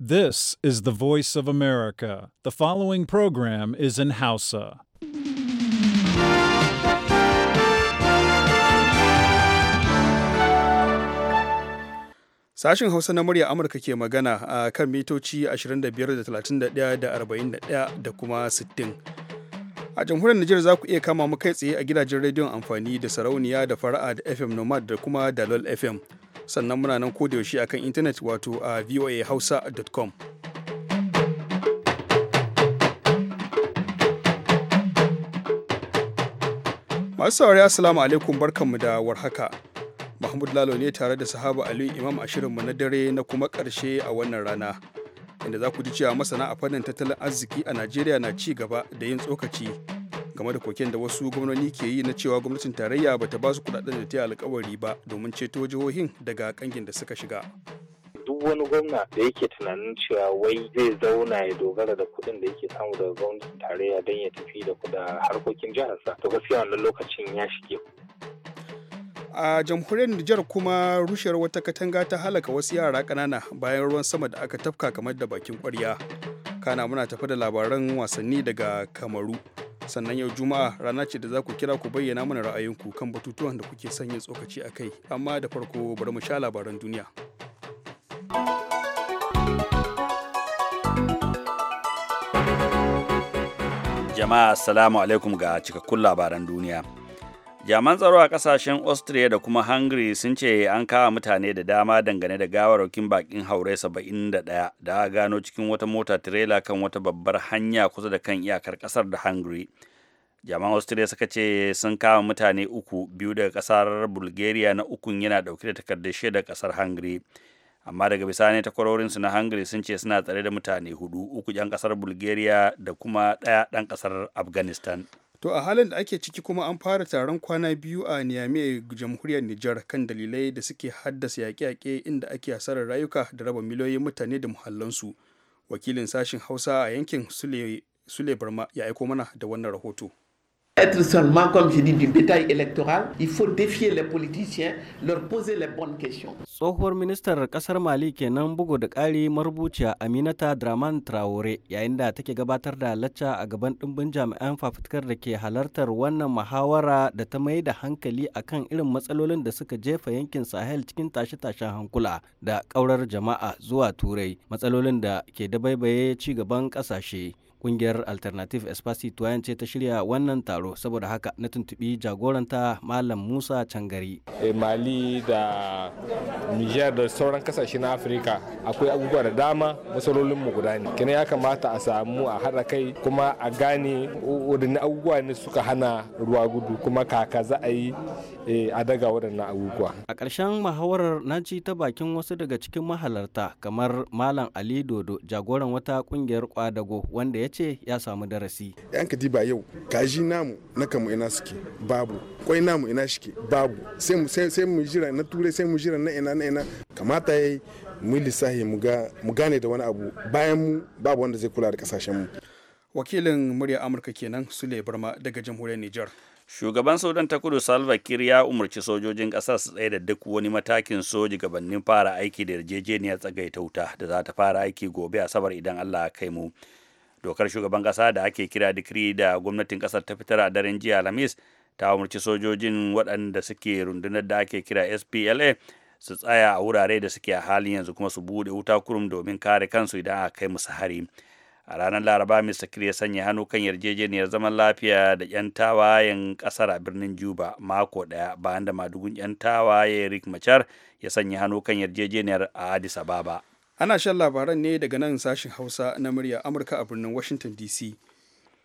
This is the voice of America. The following program is in Hausa. Sashen Hausa na murya Amurka ke magana a kan mitoci 25 da 31 da da kuma 60. A jamhuriyar Nijar za ku iya kama mu kai tsaye a gidajen rediyon amfani da sarauniya da fara'a da FM Nomad da kuma Dalol FM. sannan muna nan kodayaushe yaushe akan intanet wato a voahausa.com masu saurari assalamu alaikum barkanmu da warhaka mahmud lalo ne tare da sahaba aliyu imam a mu na dare na kuma karshe a wannan rana inda za ku ji cewa masana a fannin tattalin arziki a najeriya na ci gaba da yin tsokaci game da koken da wasu gwamnoni ke yi na cewa gwamnatin tarayya bata ba su kudaden da ta yi alkawari ba domin ceto jihohin daga kangin da suka shiga duk wani gwamna da yake tunanin cewa wai zai zauna ya dogara da kuɗin da yake samu daga gwamnatin tarayya don ya tafi da kuɗa harkokin jiharsa to gaskiya wannan lokacin ya shige a jamhuriyar Nijar kuma rushewar wata katanga ta halaka wasu yara ƙanana bayan ruwan sama da aka tafka kamar da bakin ƙwarya kana muna tafi da labaran wasanni daga kamaru sannan yau juma'a rana ce da za ku kira ku bayyana mana ra'ayinku kan batutuwan da kuke son yin tsokaci a kai amma da farko bari mu sha labaran duniya jama'a assalamu alaikum ga cikakkun labaran duniya jaman tsaro a kasashen austria da kuma hungary sun ce an kawo mutane da dama dangane da gawarwakin bakin haure 71 da gano cikin wata mota tirela kan wata babbar hanya kusa da kan iyakar kasar da hungary jaman austria suka ce sun kawo mutane uku biyu daga kasar bulgaria na ukun yana dauke da takardar shaidar kasar hungary amma daga bisani takwarorinsu na hungary sun ce suna tsare da mutane hudu uku 'yan kasar bulgaria da kuma ɗaya ɗan kasar afghanistan To a halin da ake ciki kuma an fara taron kwana biyu a Niamey jamhuriyar Nijar kan dalilai da suke haddasa yaƙe-yaƙe inda ake hasarar rayuka da raba miliyoyin mutane da muhallansu. Wakilin sashen Hausa a yankin Sule Barma ya aiko mana da wannan rahoto. être seulement, comme je dis, du bétail électoral. Il faut défier les politiciens, leur poser les bonnes questions. Tsohuwar ministar kasar Mali kenan bugu da ƙari marubuciya Aminata Draman Traore yayin da take gabatar da lacca a gaban ɗimbin jami'an fafutukar da ke halartar wannan muhawara da ta mai da hankali akan irin matsalolin da suka jefa yankin Sahel cikin tashe-tashen hankula da ƙaurar jama'a zuwa Turai, matsalolin da ke dabaibaye ci gaban ƙasashe. kungiyar Alternative Espace Citoyen ce ta shirya wannan taro saboda haka na tuntubi jagoranta Malam Musa Cangari. Eh, Mali da Niger da sauran kasashe na Afirka akwai abubuwa da dama matsalolin mu guda ne. Kina ya kamata a samu a hada kai kuma a gane wadanne abubuwa ne suka hana ruwa gudu kuma kaka za a yi eh, a daga waɗannan abubuwa. A ƙarshen muhawarar na ci ta bakin wasu daga cikin mahalarta kamar Malam Ali Dodo jagoran wata ƙungiyar kwadago wanda ya ya ce ya samu darasi. Yan katiba yau kaji namu na kamu ina suke babu kwai namu ina shike babu sai mu jira na turai sai mu jira na ina na ina kamata yi mu lissahi mu gane da wani abu bayan mu babu wanda zai kula da kasashen mu. Wakilin murya Amurka kenan Sule Barma daga jamhuriyar Nijar. shugaban sudan ta kudu salva kiir ya umarci sojojin ƙasar su tsaye da duk wani matakin soji gabanin fara aiki da yarjejeniyar tsagaita wuta da za ta fara aiki gobe a sabar idan allah ya kai mu dokar shugaban kasa da ake kira dikiri da gwamnatin kasar ta fitar a daren jiya alhamis ta umarci sojojin waɗanda suke rundunar da ake kira spla su tsaya a wurare da suke a halin yanzu kuma su buɗe wuta kurum domin kare kansu idan aka kai musu hari a ranar laraba mista kir ya sanya hannu kan yarjejeniyar zaman lafiya da yan tawayen kasar a birnin juba mako daya bayan da madugun yan tawaye rick machar ya sanya hannu kan yarjejeniyar a addis ababa ana shan labaran ne daga nan sashen hausa na murya amurka a birnin washington dc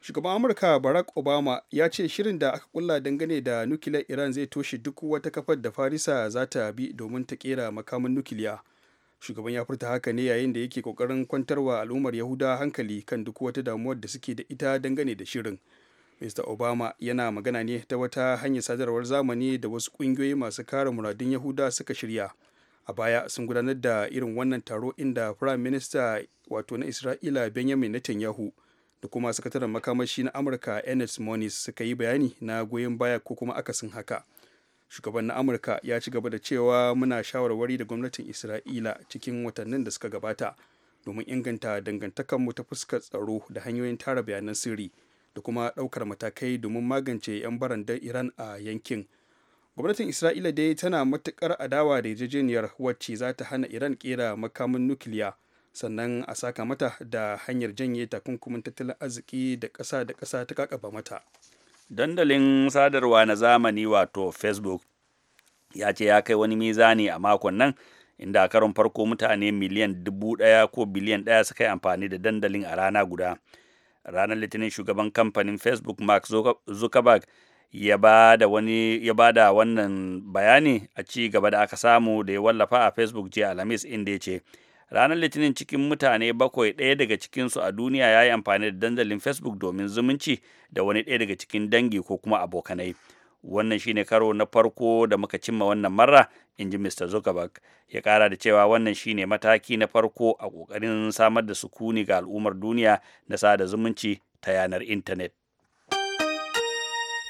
shugaban amurka barack obama ya ce shirin da aka kulla dangane da nukiliyar iran zai toshe duk wata kafar da farisa za ta bi domin ta kera makamin nukiliya shugaban ya furta haka ne yayin da yake kokarin kwantarwa al'ummar yahuda hankali kan duk wata damuwar da suke da ita dangane da shirin mr obama yana magana ne ta wata hanyar sadarwar zamani da wasu kungiyoyi masu kare muradun yahuda suka shirya a baya sun gudanar da irin wannan taro inda prime minister wato na isra'ila benjamin netanyahu da kuma sakataren makamashi na amurka ernest moniz suka yi bayani na goyon baya ko kuma akasin haka shugaban na amurka ya ci gaba da cewa muna shawarwari da gwamnatin isra'ila cikin watannin da suka gabata domin inganta dangantakanmu ta fuskar tsaro da hanyoyin tara bayanan sirri da kuma ɗaukar matakai domin magance 'yan barandar iran a yankin gwamnatin isra'ila dai tana matukar adawa da yarjejeniyar wacce za ta hana iran kera makamin nukiliya sannan a saka mata da hanyar janye takunkumin tattalin arziki da kasa da kasa ta kakaba mata dandalin sadarwa na zamani wato facebook ya ce ya kai wani mizani a makon nan inda a karon farko mutane miliyan dubu ɗaya ko biliyan ɗaya suka yi amfani da dandalin a rana guda ranar litinin shugaban kamfanin facebook mark zuckerberg ya ba da wani ya ba da wannan bayani a ci gaba da aka samu da ya wallafa a facebook jiya alhamis inda ya ce ranar litinin cikin mutane bakwai ɗaya daga cikinsu a duniya ya yi amfani da dandalin facebook domin zumunci da wani ɗaya daga cikin dangi ko kuma abokanai wannan shine karo na farko da muka cimma wannan marra in ji mr zuckerberg ya kara da cewa wannan shine mataki na farko a ƙoƙarin samar da sukuni ga al'ummar duniya na sada zumunci ta yanar intanet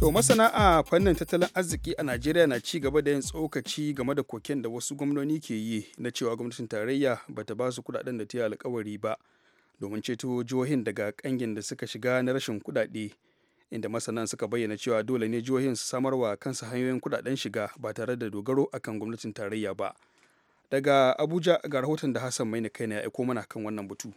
To masana a fannin tattalin arziki a Najeriya na ci gaba da yin tsokaci game da koken da wasu gwamnoni ke yi na cewa gwamnatin tarayya ba ta ba su kudaden da ta yi alkawari ba domin ceto jihohin daga kangin da suka shiga na rashin kudade inda masana suka bayyana cewa dole ne jihohin su samarwa kansu hanyoyin kudaden shiga ba tare da dogaro akan gwamnatin tarayya ba. Daga Abuja ga rahoton da Hassan Maina kai ya aika mana kan wannan batu.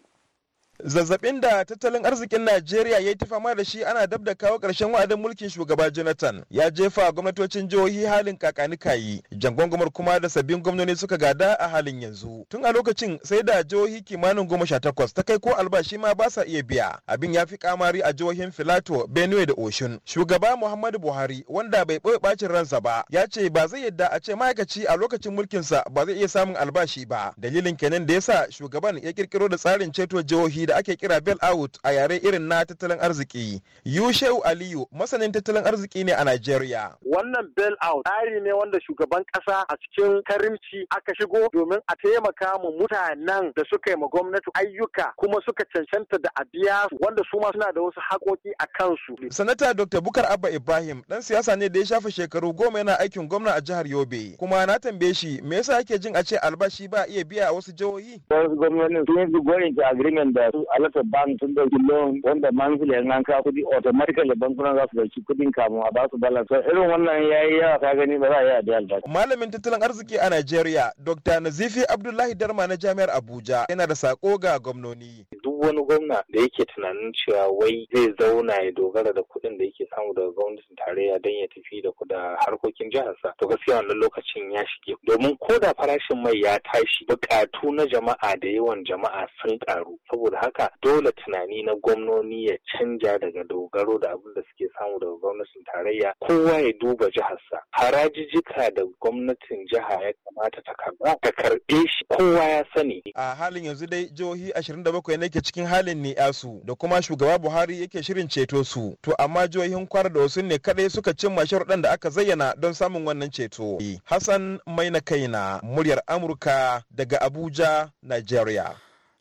zazzabin da tattalin arzikin najeriya ya yi ta fama da shi ana dab da kawo ƙarshen wa'adin mulkin shugaba jonathan ya jefa gwamnatocin jihohi halin kakanikayi gwangwamar kuma da sabbin gwamnoni suka gada a halin yanzu tun a lokacin sai da jihohi kimanin goma sha takwas ta kai ko albashi ma ba sa iya biya abin ya fi kamari a jihohin filato benue da oshun shugaba muhammadu buhari wanda bai ɓoye bacin ransa ba ya ce ba zai yadda a ce ma'aikaci a lokacin mulkinsa ba zai iya samun albashi ba dalilin kenan da ya sa shugaban ya kirkiro da tsarin ceto jihohi da ake kira bail out a yare irin na tattalin arziki. Yushehu Aliyu masanin tattalin arziki ne a Najeriya. Wannan bail out tsari ne wanda shugaban kasa a cikin karimci aka shigo domin a taimaka mu mutanen da suka yi ma gwamnati ayyuka kuma suka cancanta da a biya wanda su ma suna da wasu haƙoƙi a kansu. Sanata Dr. Bukar Abba Ibrahim dan siyasa ne da ya shafe shekaru goma yana aikin gwamna a jihar Yobe. Kuma na tambaye shi me yasa ake jin a ce albashi ba iya biya a wasu jihohi? Wasu sun yi agreement da su alatar bank sun dauki loan wanda manfili nan ka kudi automatically bankuna za su dauki kudin kamun a ba su balance irin wannan yayi yawa ka gani ba za a yi adiyar ba malamin tattalin arziki a Najeriya Dr. Nazifi Abdullahi Darma na Jami'ar Abuja yana da sako ga gwamnoni duk wani gwamna da yake tunanin cewa wai zai zauna ya dogara da kuɗin da yake samu daga gwamnatin tarayya don ya tafi da kuɗa harkokin jiharsa to gaskiya wannan lokacin ya shige domin ko da farashin mai ya tashi bukatu na jama'a da yawan jama'a sun karu saboda haka dole tunani na gwamnoni ya canja daga dogaro da abin da suke samu daga gwamnatin tarayya kowa ya duba jiharsa harajijika da gwamnatin jiha ya kamata ta karba ta karbe shi kowa ya sani a halin yanzu dai jihohi 27 ne ke cikin halin ni'asu da kuma shugaba buhari yake shirin ceto su to amma jihohin kwara da wasu ne kadai suka cimma sharuɗan da aka zayyana don samun wannan ceto hassan maina kaina muryar amurka daga abuja nigeria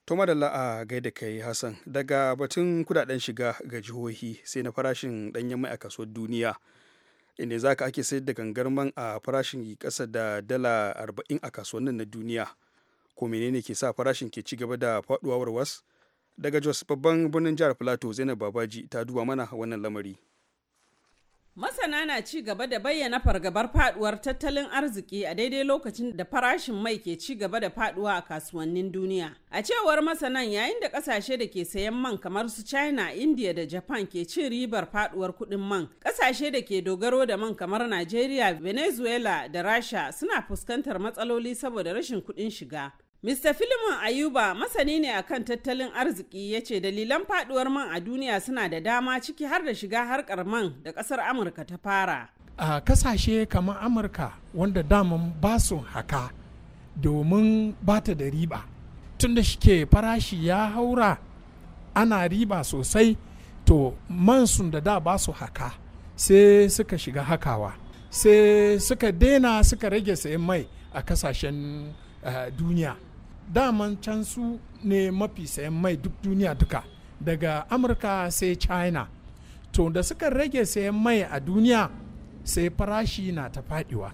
to madalla a gaida kai hassan daga batun kudaden shiga ga jihohi sai na farashin danyen mai a kasuwar duniya inda za ka ake sayar da gangar man a farashin kasa da dala 40 a nan na duniya ko menene ke sa farashin ke ci gaba da faduwa warwas daga jos babban birnin jihar plateau zainab babaji ta duba mana wannan lamari Masana na ci gaba da bayyana fargabar faduwar tattalin arziki a daidai lokacin da farashin mai ke ci gaba da faduwa a kasuwannin duniya. A cewar masanan yayin da kasashe da ke sayan man kamar su China, India da Japan ke cin ribar faduwar kuɗin man, kasashe da ke dogaro da man kamar Nigeria, Venezuela da Rasha suna fuskantar matsaloli saboda rashin kuɗin shiga. Mr. Filimon Ayuba masani ne akan tattalin arziki ya ce dalilan faduwar man a duniya suna da dama ciki har da shiga harkar man da kasar Amurka ta fara. A kasashe kamar Amurka wanda daman ba su haka domin ba ta da riba. Tun da shike farashi ya haura ana riba sosai to man sun da da ba su haka sai suka shiga hakawa sai suka daina suka rage sayan mai a kasashen uh, duniya. daman can su ne mafi sayan mai duk duniya duka daga amurka sai china to da suka rage sayan mai a duniya sai farashi na ta fadiwa.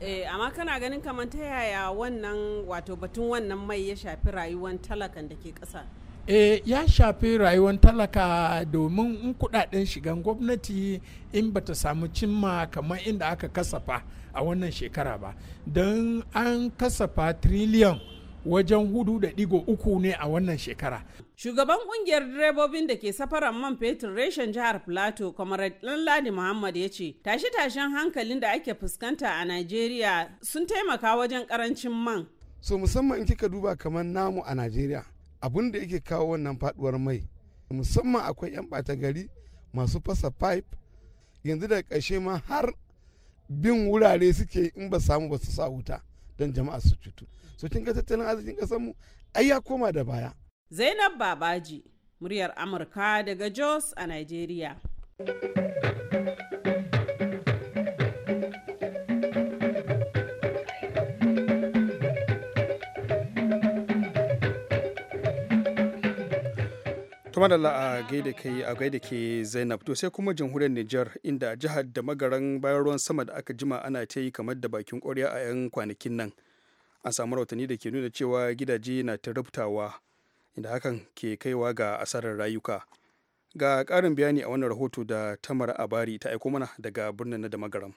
Eh, amma kana ganin kamar ta yaya wannan wato batun wannan mai ya shafi rayuwar talakan da ke ƙasa e ya shafi rayuwar talaka domin in kudaden shigan gwamnati in bata samu cimma kamar inda aka kasafa a wannan shekara ba don an kasafa triliyan wajen hudu da digo uku ne a wannan shekara. Shugaban kungiyar direbobin da ke safaran man fetur reshen jihar Plateau, kamar Ladi Muhammad ya ce, tashi-tashen hankalin da ake fuskanta a Najeriya sun taimaka wajen karancin man. So musamman in kika duba kamar namu a Najeriya, abin da yake kawo wannan faduwar mai, musamman akwai 'yan bata gari masu fasa pipe, yanzu da ƙarshe ma har bin wurare suke in ba samu ba su sa wuta don jama'a su cutu. so kin ga tattalin arzikin kasar mu ai ya koma da baya Zainab Babaji muryar Amurka daga Jos a Nigeria kuma da a gaida kai a gaida ke zainab to sai kuma jamhuriyar niger inda jihar da magaran bayan ruwan sama da aka jima ana ta yi kamar da bakin kwarya a 'yan kwanakin nan an samu rahotanni da ke nuna cewa gidaje na tarabtawa inda hakan ke kaiwa ga asarar rayuka ga karin bayani a wannan rahoto da tamar abari ta aiko mana daga birnin na da magaram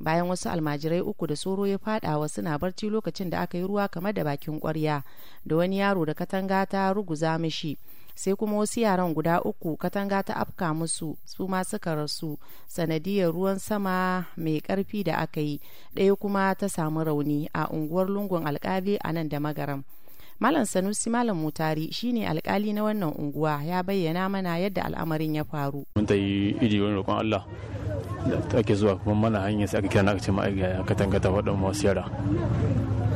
bayan wasu almajirai uku da tsoro ya fadawa suna barci lokacin da aka yi ruwa kamar da bakin kwarya da wani yaro da katanga ta ruguza mishi sai kuma wasu yaran guda uku katanga ta afka musu su ma suka rasu sanadiyar ruwan sama mai karfi da aka yi ɗaya kuma ta samu rauni a unguwar lungun alkali a nan da magaram malam sanusi malam mutari shine alkali na wannan unguwa ya bayyana mana yadda al'amarin ya faru mun ta yi roƙon allah da ake zuwa kuma mana hanyar sai aka kira na aka ce ma'aikata katanga ta waɗanda wasu yara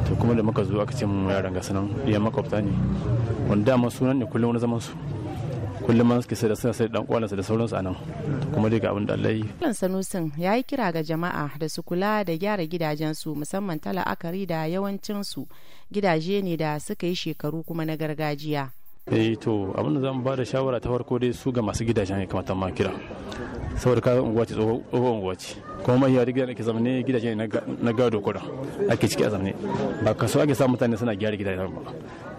to kuma da muka zo aka ce mu yaran ga sanan iya makwabta ne wani dama sunan ne kullum wani zaman su kullum man suke da sai dan kwalansa da sauransu a nan kuma dai ga abin da Allah yi. Kulan Sanusin ya yi kira ga jama'a da su kula da gyara gidajensu musamman ta la'akari da yawancin su gidaje ne da suka yi shekaru kuma na gargajiya. eh to abin da zan ba da shawara ta farko dai su ga masu gidajen ya kamata ma kira saboda ka unguwa ce tsohon unguwa ce kuma mai yari gidan ake zamane gidaje na gado kuɗa ake ciki a zamane ba so ake sa mutane suna gyara gidajen ba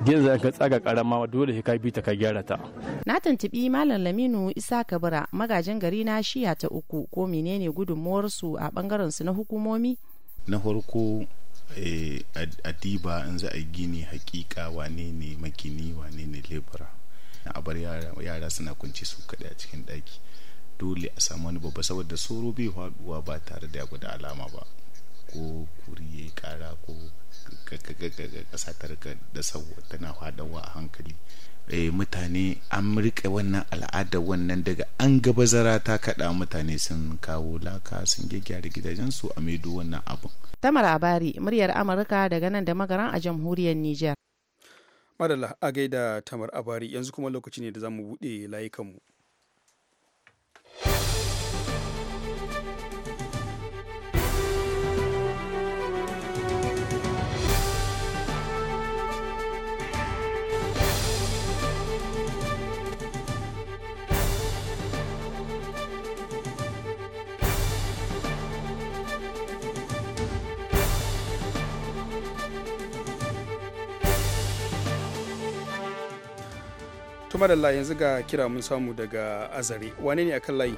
gidan zai ka tsaga karama dole ka bi ta ka gyara ta na tantabi malam laminu isa kabira magajin gari na shiya ta uku ko menene gudunmuwar su a bangaren su na hukumomi na farko eh, a diba in za a gini hakika wane ne makini wane ne lebura a bar yara suna kunci su kaɗai a cikin ɗaki dole a samu wani babba saboda tsoro bai faduwa ba tare da ya gwada alama ba ko kuri kara ko kasa ta rika da sabuwa tana hadawa a hankali eh, mutane an rike wannan al'ada wannan daga an gaba zara ta kaɗa mutane sun kawo laka sun gyaggyara gidajensu a maido wannan abin. Tamar Abari, muryar Amurka daga nan da magaran a jamhuriyar Nijar. Madalla a gaida Tamar Abari yanzu kuma lokaci ne da za mu buɗe layukanmu. kuma da yanzu ga kira mun samu daga azare wane ne akan layi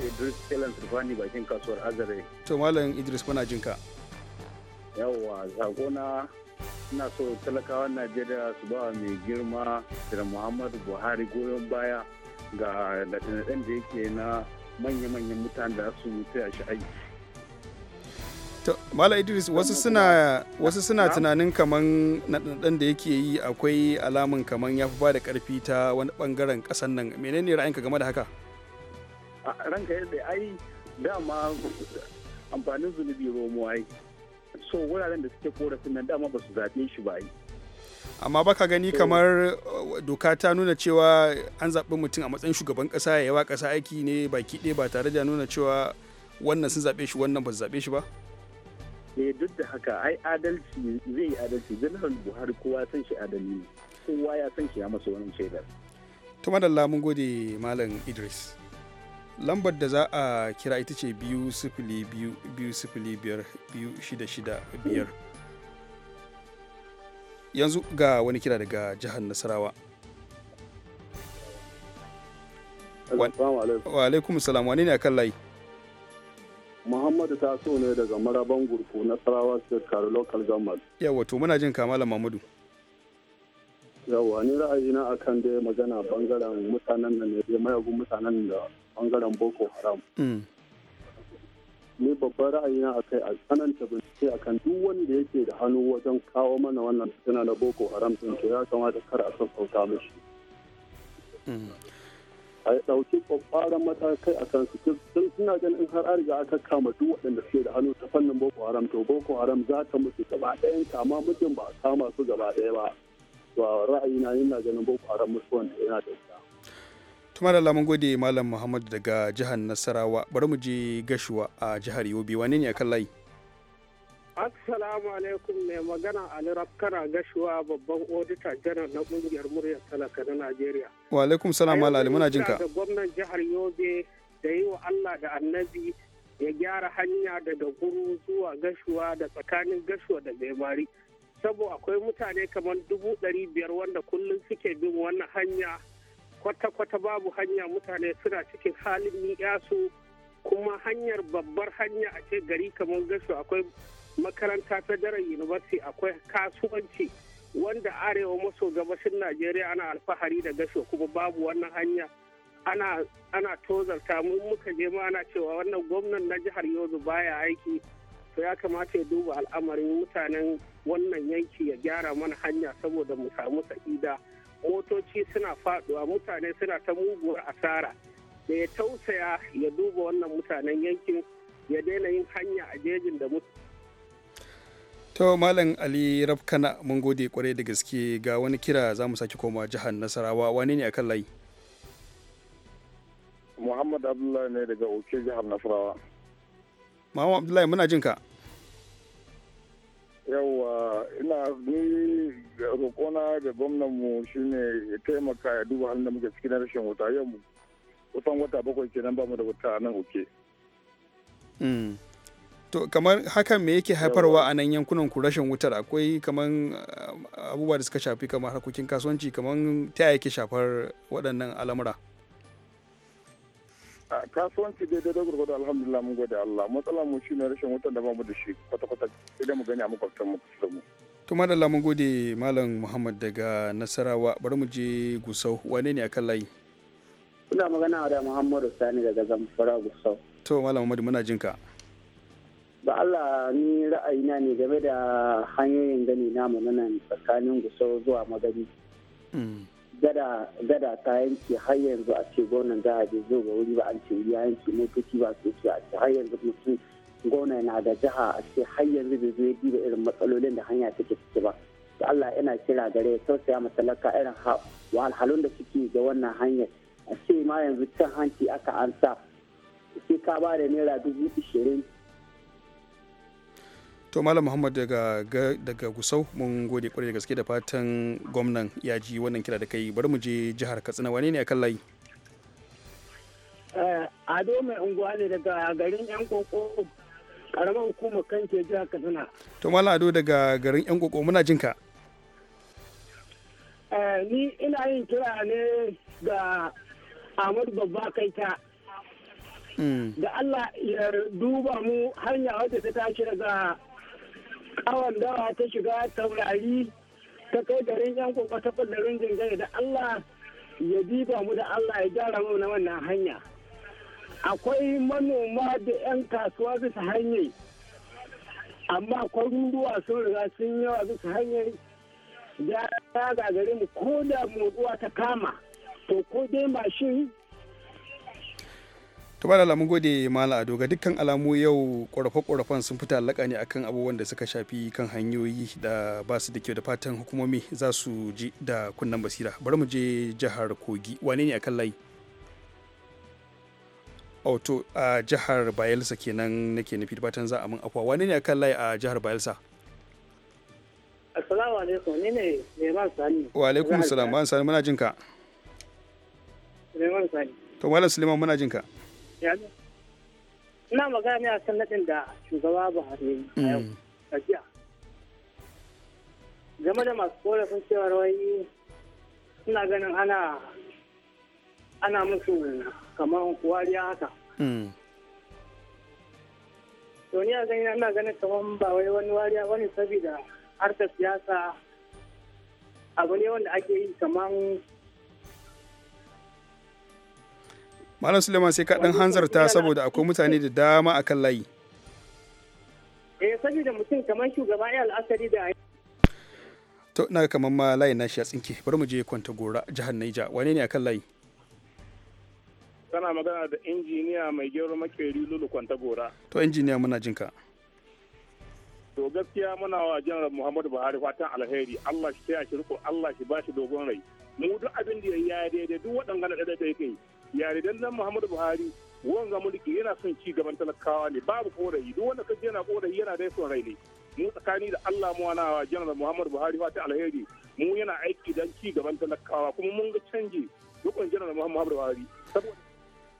idris telan turfani bakin kasuwar azare to malam idris muna jinka yawwa na ina so talakawan najeriya su ba mai girma da muhammadu buhari goyon baya ga da da yake na manya-manyan mutane da su taya shi aiki Mala Idris wasu suna wasu suna tunanin kaman naɗaɗɗen da yake yi akwai alamun kaman ya fi bada karfi ta wani bangaren ƙasan nan menene ra'ayinka game da haka? Ranka yadda ai dama amfanin zunubi romo ai so wuraren da suke korafin nan dama ba su zaɓe shi ba yi. amma baka gani kamar uh, doka ta nuna cewa an zaɓi mutum a matsayin shugaban ƙasa ya yawa ƙasa aiki ne baki ɗaya ba tare da nuna cewa wannan sun zaɓe shi wannan ba su zaɓe shi ba? eh duk da haka ai adalci zai yi adalci janar buhari kowa san shi adali ne kowa ya san shi ya masa wani shaidar to madalla mun gode malam idris lambar da za a kira ita ce biyu sifili biyu biyu sifili biyar biyu shida shida biyar yanzu ga wani kira daga jihar nasarawa wa alaikum salam wane ne a kan layi Muhammadu ta so ne daga maraban gurku na Sarawa State Kare Local Government. Yawa to muna jin kamala Mahmudu. Yawa ni ra'ayina akan dai magana bangaren mutanen nan ne mayagun mutanen da bangaren Boko Haram. Mm. Ni babban ra'ayina a kai a tsananta bincike akan duk wanda yake da hannu wajen kawo mana wannan fitina na Boko Haram din to ya kamata kar a sassauta mishi. Mm. a ɗauki ƙwaƙwaran matakai a kansu don suna ganin in har an riga aka kama duk waɗanda suke da hannu ta fannin boko haram to boko haram za ta mutu gaba ɗayan kama mutum ba a kama su gaba ɗaya ba to ra'ayina yana ganin boko haram musu wanda yana da wuta. tuma da lamun gode malam muhammad daga jihar nasarawa bari mu je gashuwa a jihar yobe wane ne a kan layi. Assalamu alaikum mai magana Ali kana gashuwa babban odita janar na kungiyar muryar talaka na Najeriya. Wa alaikum salam Ali muna jinka. Da gwamnan jihar Yobe da yi wa Allah da annabi ya gyara hanya daga guru zuwa gashuwa da tsakanin gashuwa da bemari. Sabo akwai mutane kamar dubu ɗari biyar wanda kullum suke bin wannan hanya kwata-kwata babu hanya mutane suna cikin halin ni'yasu kuma hanyar babbar hanya a ce gari kamar gashu akwai makaranta ta daren university akwai kasuwanci wanda arewa maso gabashin najeriya ana alfahari da gasho kuma babu wannan hanya ana tozarta mu muka je ma ana cewa wannan gwamnan na jihar yozu baya aiki to ya kamata ya duba al'amarin mutanen wannan yanki ya gyara mana hanya saboda mu samu sa'ida motoci suna faduwa mutane suna ta muguwar asara da ya tausaya ya duba wannan mutanen yankin ya daina yin hanya a jejin da mutane To Malam Ali Rafkana mun gode kwarai da gaske ga wani kira za mu sake koma jihar Nasarawa wane ne akan layi? Muhammad Abdullahi ne daga Oke jihar Nasarawa. Muhammad Abdullahi muna jin ka. Yawwa ina ni roƙona ga gwamnanmu ne ya taimaka ya duba halin da muke cikin rashin wuta yau kusan wata bakwai kenan ba mu da wuta nan Oke. Hmm. to kamar hakan me yake haifarwa a nan yankunan ku rashin wutar akwai kamar eh, abubuwa da suka shafi kamar harkokin kasuwanci kamar ta yake shafar waɗannan al'amura kasuwanci dai daidai gurgudu alhamdulillah mun gode Allah matsalar mu shine rashin wutar da bamu da shi kwata-kwata idan mu gani a makwabtan mu kusa mu to madalla mun gode malam Muhammad daga Nasarawa bari mu je Gusau wane ne akan layi ina magana da Muhammadu Sani daga Zamfara Gusau to malam Muhammad muna jinka ka ba Allah ni ra'ayina ne game da hanyoyin gani namu na nan tsakanin gusau zuwa magani hmm. gada gada ta yanke har yanzu a ce za a je zo ga wuri ba an ce ya yanke motoci ba su ce a ce har yanzu mutum gona na da jiha a ce har yanzu bai zo ya irin matsalolin da hanya take ciki ba da Allah yana kira gare ya tausaya laka irin wahalhalun da suke ga wannan hanyar a ce ma yanzu cin hanci aka ansa sai ka ba da naira dubu ishirin to malam muhammad daga daga gusau mun gode kwarai da gaske da fatan gwamnan ya ji wannan kira da kai bari mu je jihar katsina wane ne akan layi eh, ado mai unguwa ne daga garin yan koko karamar kan ke jihar katsina to malam ado daga garin yan koko muna jin ka eh, ni ina yin kira ne ga ahmadu babba kaita mm. da allah ya duba mu hanya wadda ta tashi daga awon dawa ta shiga taurari ta kai garin yan kuma ta fadarin jingare da Allah ya diba mu da Allah ya gyara mu na wannan hanya akwai manoma da 'yan kasuwa bisa hanyar amma kwaruruwa sun riga sun yawa bisa hanyar ya gagare mu ko da motsuwa ta kama to ko dai mashin tabbala mun gode mala ado ga dukkan alamu yau ƙorafe-ƙorafen sun fita alaƙa ne akan abubuwan da suka shafi kan hanyoyi da ba su da kyau da fatan hukumomi za su ji da kunnan basira bari mu je jihar kogi wane ne akan layi auto a jihar bayelsa kenan nake nufi fatan za a mun akwa wane ne akan layi a jihar bayelsa assalamu alaikum ne ne neman sani wa alaikum assalam ma'an sani muna jinka neman sani to malam suleiman muna jinka Ina magana ne a kan naɗin da shugaba Buhari mm. a jiya. Game da masu korafin cewa wai suna ganin ana ana musu kamar wariya haka. Mm. To ni a ganin ana ganin kamar ba wai wani wariya wani saboda harkar siyasa abu ne wanda ake yi kamar malam suleiman sai ka dan hanzarta saboda akwai mutane da dama a kan layi eh da mutum kamar shugaba ya al'asari da to ina kamar ma layin nashi ya tsinke bari mu je kwanta gora jihar naija wane ne akan layi kana magana da injiniya mai gero makeri lulu kwanta gora to injiniya muna jinka to gaskiya muna wa janar muhammadu buhari fatan alheri allah shi taya shi riko allah shi ba shi dogon rai mu duk abin da ya yi daidai duk waɗanda da daidai ta yi yaridan nan muhammadu buhari wanga mulki yana son ci gaban talakawa ne babu korayi duk wanda kaje yana korayi yana da son rai mu tsakani da Allah mu wa janar Muhammadu Buhari wata alheri mu yana aiki dan ci gaban talakawa kuma mun ga canji dukkan janar Muhammadu Buhari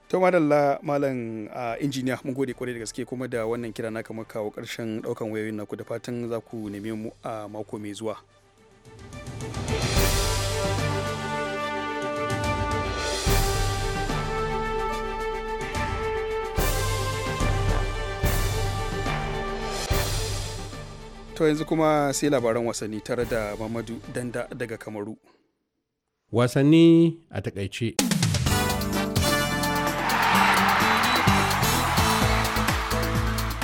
to madalla malam injiniya mun gode kwarai da gaske kuma da wannan kira na kamar kawo karshen daukan wayoyin naku da fatan za ku neme mu a mako mai zuwa To yanzu kuma sai labaran wasanni tare da Mamadu Danda daga Kamaru. Wasanni a takaice.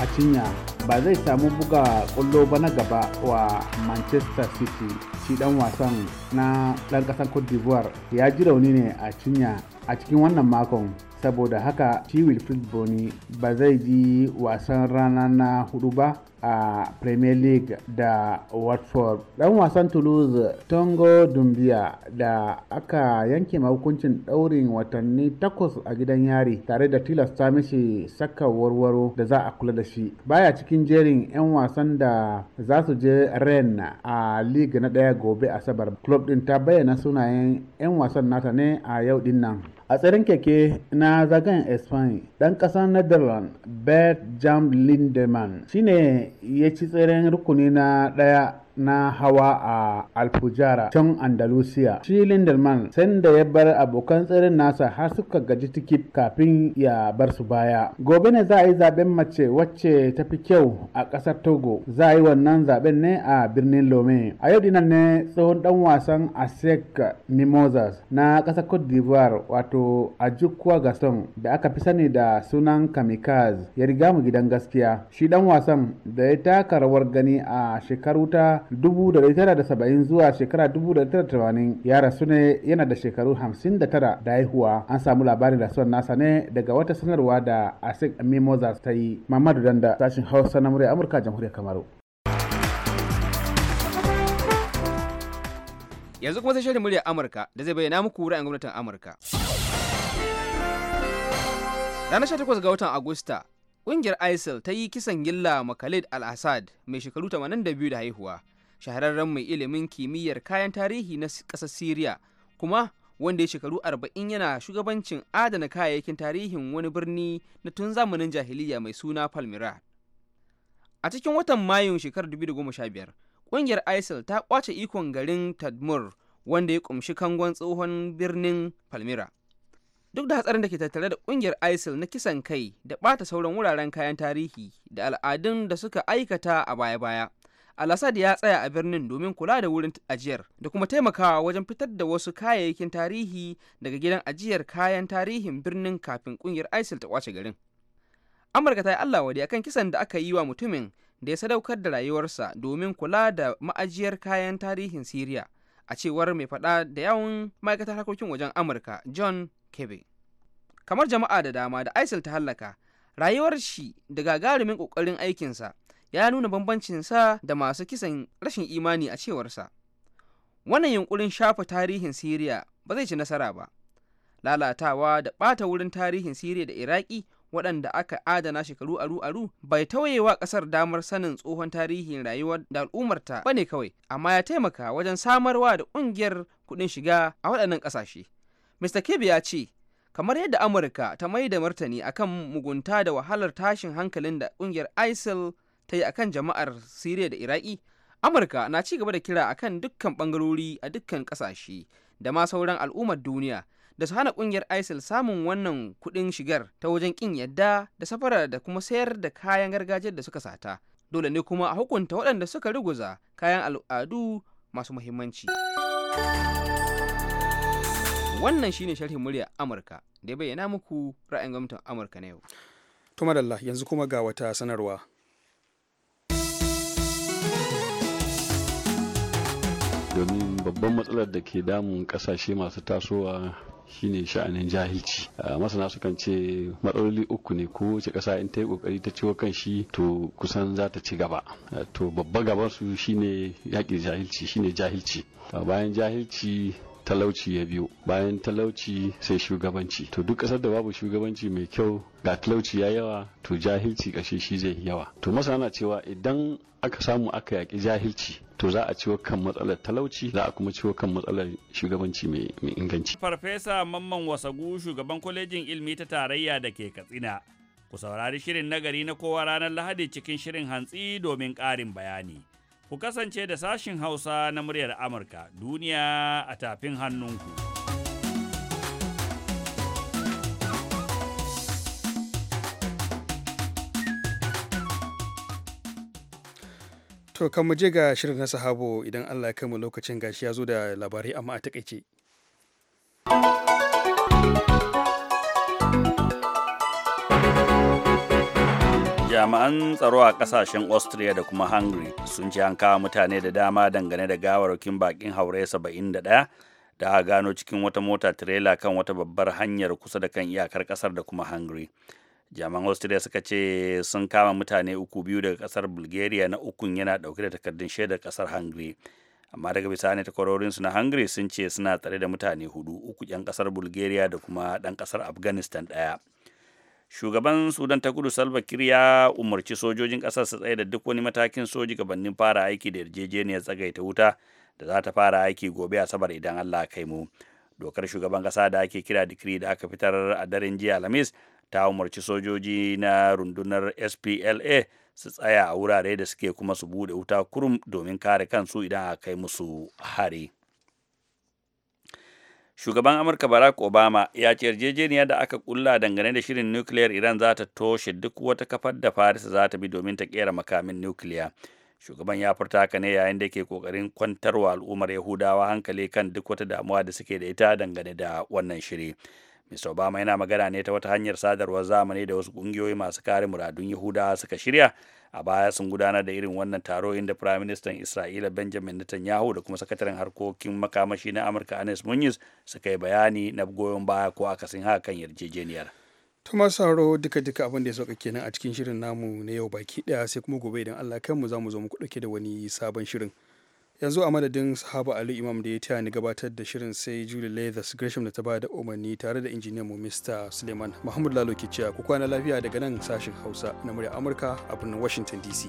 A cinya ba zai samu buga ƙullo ba na gaba wa Manchester City shi dan wasan na ɗan ƙasar Cote d'Ivoire ya ji rauni ne a cinya a cikin wannan makon saboda haka shi wilfred boni ba zai ji wasan rana na hudu ba a premier league da watford dan wasan toulouse tongo dumbia da aka yanke hukuncin daurin watanni takwas a gidan yari tare da tilasta mishi saka warwaro da za a kula da shi baya cikin jerin 'yan wasan da za su je ren a league na daya gobe asabar club din ta bayyana sunayen 'yan wasan nata ne a yau din nan a tsirin keke na zagayen spain dan kasar netherlands bert jam lindeman shine ya ci tsirin rukuni na daya na hawa a alfujara can andalusia shi lindelman sanda ya bar abokan tsirin nasa har suka gaji tikit kafin ya bar su baya gobe ne za a yi zaben mace wacce ta fi kyau a ƙasar togo za a yi wannan zaben ne a birnin lome a yau dinan ne tsohon dan wasan asek mimosas na ƙasar cote d'ivoire wato ajukwa gaston da aka fi sani da sunan kamikaz ya riga mu gidan gaskiya shi dan wasan da ya taka rawar gani a shekaru ta 1970 zuwa shekara 1980 ya rasu ne yana da shekaru 59 da haihuwa an samu labarin rasuwar nasa ne daga wata sanarwa da asik mimoza ta yi mamadu danda sashin hausa na murya amurka jamhuriyar kamaru yanzu kuma sai shirin muryar amurka da zai bayyana muku ra'ayin gwamnatin amurka ranar 18 ga watan agusta ƙungiyar isil ta yi kisan gilla ma khalid al-assad mai shekaru 82 da haihuwa shahararren mai ilimin kimiyyar kayan tarihi na ƙasar Siriya kuma wanda ya shekaru 40 yana shugabancin adana kayayyakin tarihin wani birni na tun zamanin jahiliya mai suna Palmyra. A cikin watan Mayun shekarar 2015, ƙungiyar ISIL ta kwace ikon garin Tadmur wanda ya kumshi kangon tsohon birnin Palmyra. Duk da hatsarin da ke tattare da ƙungiyar ISIL na kisan kai da ɓata sauran wuraren kayan tarihi da al'adun da suka aikata a baya-baya. al-assad ya tsaya a birnin domin kula da wurin ajiyar da kuma taimakawa wajen fitar da wasu kayayyakin tarihi daga gidan ajiyar kayan tarihin birnin kafin kungiyar isil ta kwace garin amurka ta yi allah wadi akan kisan da aka yi wa mutumin da ya sadaukar da rayuwarsa domin kula da ma'ajiyar kayan tarihin siriya a cewar mai faɗa da yawun ma'aikatar harkokin wajen amurka john kebe kamar jama'a da dama da isil ta hallaka rayuwar shi da gagarumin ƙoƙarin aikinsa ya nuna bambancinsa da masu kisan rashin imani a cewarsa wannan yunkurin shafa tarihin siriya ba zai ci nasara ba lalatawa da ɓata wurin tarihin siriya da iraki waɗanda aka adana shekaru aru aru bai tauyewa ƙasar damar sanin tsohon tarihin rayuwar da al'ummarta ba ne kawai amma ya taimaka wajen samarwa da ƙungiyar kuɗin shiga a waɗannan ƙasashe mr kebe ya ce kamar yadda amurka ta mai da martani akan mugunta da wahalar tashin hankalin da ƙungiyar isil ta yi akan jama'ar Siriya da Iraki, Amurka na ci gaba da kira akan dukkan bangarori a dukkan kasashe da ma sauran al'ummar duniya da su hana kungiyar ISIL samun wannan kuɗin shigar ta wajen kin yadda da safara da kuma sayar da kayan gargajiyar da suka sata. Dole ne kuma a hukunta waɗanda suka ruguza kayan al'adu masu muhimmanci. Wannan shine sharhin murya Amurka da ya bayyana muku ra'ayin gwamnatin Amurka na yau. Tumadalla yanzu kuma ga wata sanarwa. domin babban matsalar da ke damun kasashe masu tasowa shine sha'anin jahilci masana sukan ce matsaloli uku ne ko wace ƙasa in ta yi ƙoƙari ta ciwo kan shi to kusan za ta ci gaba to babba gaban su shine yaƙi jahilci shine jahilci bayan jahilci talauci ya biyo bayan talauci sai shugabanci to duk kasar da babu shugabanci mai kyau ga talauci ya yawa to jahilci kashe shi zai yawa to masana cewa idan aka samu aka yaƙi jahilci to za a ciwo kan matsalar talauci za a kuma ciwo kan matsalar shugabanci mai inganci. Farfesa Mamman Wasagu shugaban kwalejin ilmi ta tarayya da ke Katsina. Ku saurari shirin nagari na kowa ranar Lahadi cikin shirin hantsi domin ƙarin bayani. ku kasance da sashin Hausa na muryar Amurka duniya a tafin hannunku. To, kan je ga shirin na sahabo idan Allah ya kai mu lokacin gashi ya zo da labarai amma a takaice. jami'an tsaro a kasashen austria da kuma hungary sun ce an kawo mutane da dama dangane da gawarwakin bakin haure 71 da aka gano cikin wata mota tirela kan wata babbar hanyar kusa da kan iyakar kasar da kuma hungary jami'an austria suka ce sun kama mutane uku biyu daga kasar bulgaria na ukun yana dauke da takardun shaidar kasar hungary amma daga bisa bisani su na hungary sun ce suna tsare da mutane hudu uku 'yan kasar bulgaria da kuma dan kasar afghanistan daya shugaban sudan ta kudu salva kiir ya umarci sojojin kasar su tsaye da duk wani matakin soji gabanin fara aiki da yarjejeniyar tsagaita wuta da za ta fara aiki gobe a sabar idan allah kai mu dokar shugaban kasa da ake kira dikiri da aka fitar a daren jiya alhamis ta umarci sojoji na rundunar spla su tsaya a wurare da suke kuma su bude wuta kurum domin kare kansu idan a kai musu hari. shugaban amurka barack obama ya ce yarjejeniya da aka kulla dangane da shirin nukiliyar iran za ta toshe duk wata kafar da farisa za ta bi domin ta kera makamin nukiliya shugaban ya furta haka ne yayin da ke kokarin kwantarwa al'ummar yahudawa hankali kan duk wata damuwa da suke da ita dangane da wannan shiri Mr. Obama yana magana ne ta wata hanyar sadarwar zamani da wasu ƙungiyoyi masu kare muradun Yahudawa suka shirya a baya sun gudanar da irin wannan taro inda Prime Minister Isra'ila Benjamin Netanyahu da kuma sakataren harkokin makamashi na Amurka Anes Muniz suka yi bayani na goyon baya ko akasin haka kan yarjejeniyar. Tuma Saro duka-duka abin da ya sauka kenan a cikin shirin namu na yau baki daya sai kuma gobe idan Allah kanmu za mu zo muku dauke da wani sabon shirin. yanzu a madadin sahaba ali imam da ya taya ni gabatar da shirin sai julie leathers gresham da ta da umarni tare da injiniyan mu mr suleiman mahmud lalo ke cewa ku kwana lafiya daga nan sashin hausa na murya amurka a birnin washington dc